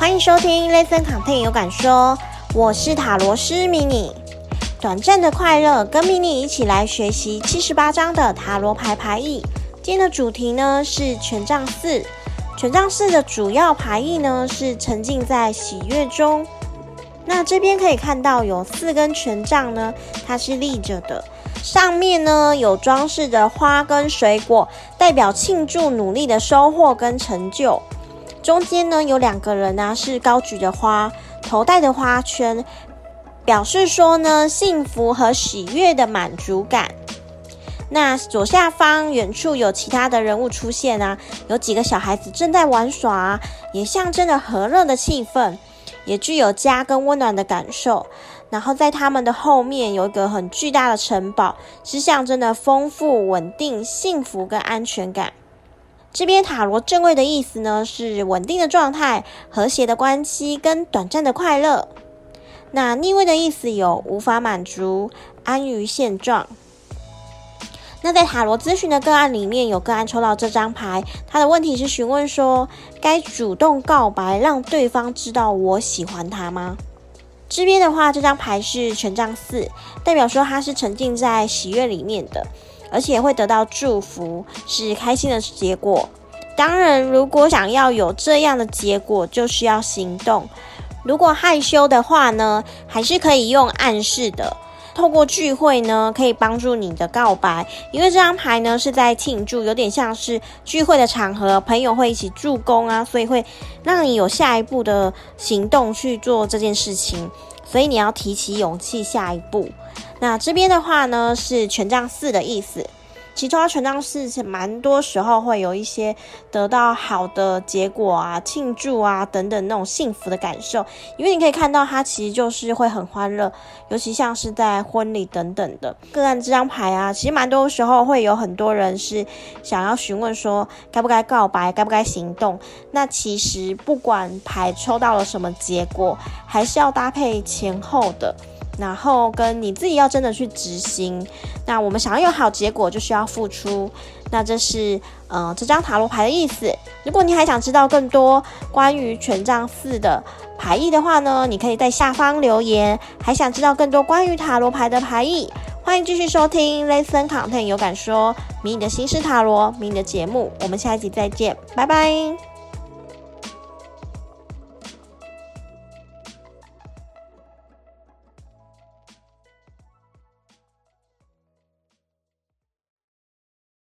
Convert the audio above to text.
歡迎收聽《Listen Content 有感說》，我是塔羅師迷你。短暫的快樂，跟迷你一起來學習七十八張的塔羅牌牌意。今天的主題呢是權杖四，權杖四的主要牌意呢是沉浸在喜悅中。那這邊可以看到有四根權杖呢，它是立着的，上面呢有裝飾的花跟水果，代表慶祝努力的收穫跟成就。中間呢有兩個人呢、啊，是高舉着花，頭戴的花圈，表示說呢幸福和喜悅的滿足感。那左下方遠處有其他的人物出現啊，有幾個小孩子正在玩耍、啊，也象徵了和樂的氣氛，也具有家跟溫暖的感受。然後在他們的後面有一個很巨大的城堡，是象徵的豐富、穩定、幸福、跟安全感。這邊塔羅正位的意思呢，是穩定的狀態、和諧的關係跟短暫的快樂。那逆位的意思有無法滿足、安於現狀。那在塔羅諮詢的個案裡面，有個案抽到這張牌，他的問題是詢問說：該主動告白讓對方知道我喜歡他嗎？這邊的話，這張牌是權杖四，代表說他是沉浸在喜悅裡面的。而且會得到祝福，是開心的結果。當然，如果想要有這樣的結果，就需要行動。如果害羞的話呢，還是可以用暗示的。透過聚會呢，可以幫助你的告白，因為這張牌呢是在慶祝，有點像是聚會的場合，朋友會一起助攻啊，所以會讓你有下一步的行動去做這件事情。所以你要提起勇氣，下一步。那這邊的話呢，是權杖四的意思。其實抽權杖四是蠻多時候會有一些得到好的結果啊、慶祝啊等等那種幸福的感受，因為你可以看到它其實就是會很歡樂，尤其像是在婚禮等等的。個案這張牌啊，其實蠻多時候會有很多人是想要詢問說該不該告白、該不該行動。那其實不管牌抽到了什麼結果，還是要搭配前後的。然後跟你自己要真的去執行，那我們想要有好結果，就需要付出。那這是呃這張塔羅牌的意思。如果你還想知道更多關於權杖四的牌意的話呢，你可以在下方留言。還想知道更多關於塔羅牌的牌意，歡迎繼續收聽 Listen Content 有感說迷你的心事塔羅迷你的節目。我們下一集再見，拜拜。